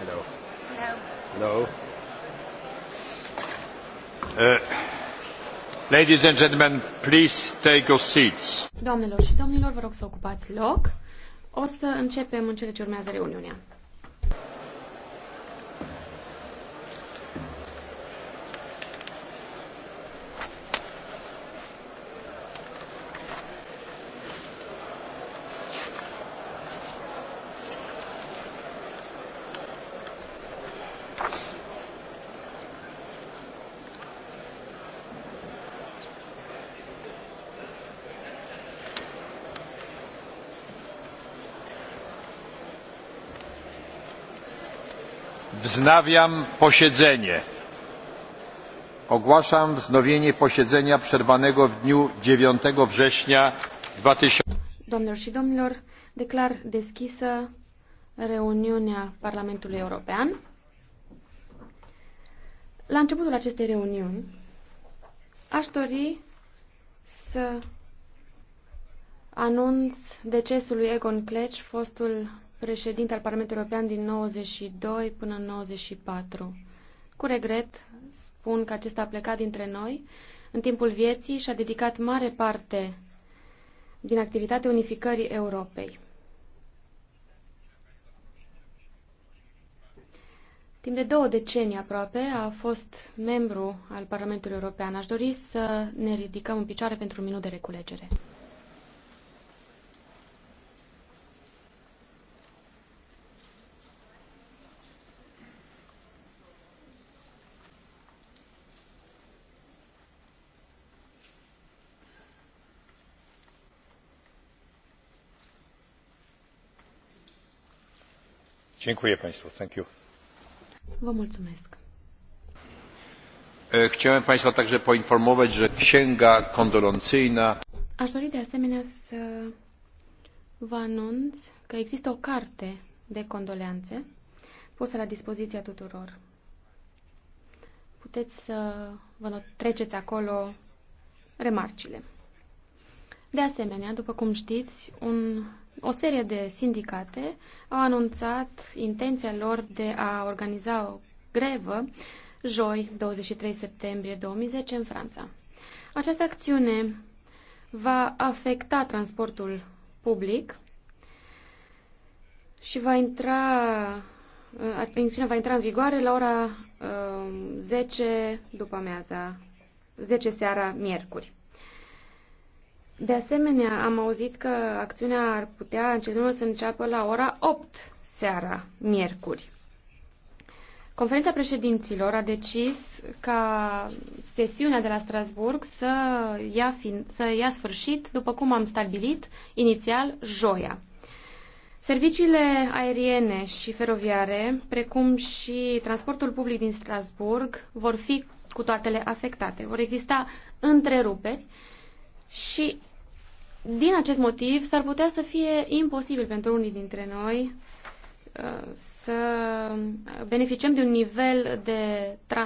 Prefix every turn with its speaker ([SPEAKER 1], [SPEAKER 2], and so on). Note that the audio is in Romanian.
[SPEAKER 1] Hello. Hello. Hello. Uh, ladies and gentlemen, please take your seats. Doamnelor și domnilor, vă rog să ocupați loc. O să începem în cele ce urmează reuniunea. Wznawiam posiedzenie. Ogłaszam wznowienie posiedzenia przerwanego w dniu 9 września 2000. Domnilor și domnilor, declar deschisă reuniunea Parlamentului European. La începutul acestei reuniuni, aș dori să anunț decesul lui Egon Klech, fostul președinte al Parlamentului European din 92 până în 94. Cu regret spun că acesta a plecat dintre noi. În timpul vieții și-a dedicat mare parte din activitatea unificării Europei. Timp de două decenii aproape a fost membru al Parlamentului European. Aș dori să ne ridicăm în picioare pentru un minut de reculegere. Dziękuję Państwu. Vă mulțumesc. Chciałem Państwa także poinformować, że księga kondolencyjna. Aș dori de asemenea să vă anunț că există o carte de condoleanțe pusă la dispoziția tuturor. Puteți să vă treceți acolo remarcile. De asemenea, după cum știți, un o serie de sindicate au anunțat intenția lor de a organiza o grevă joi 23 septembrie 2010 în Franța. Această acțiune va afecta transportul public și va intra uh, acțiunea va intra în vigoare la ora uh, 10 după amiaza, 10 seara miercuri. De asemenea, am auzit că acțiunea ar putea în cel să înceapă la ora 8 seara, miercuri. Conferința președinților a decis ca sesiunea de la Strasburg să ia, fin, să ia sfârșit, după cum am stabilit, inițial, joia. Serviciile aeriene și feroviare, precum și transportul public din Strasburg, vor fi cu toatele afectate. Vor exista întreruperi și din acest motiv, s-ar putea să fie imposibil pentru unii dintre noi uh, să beneficiem de un nivel de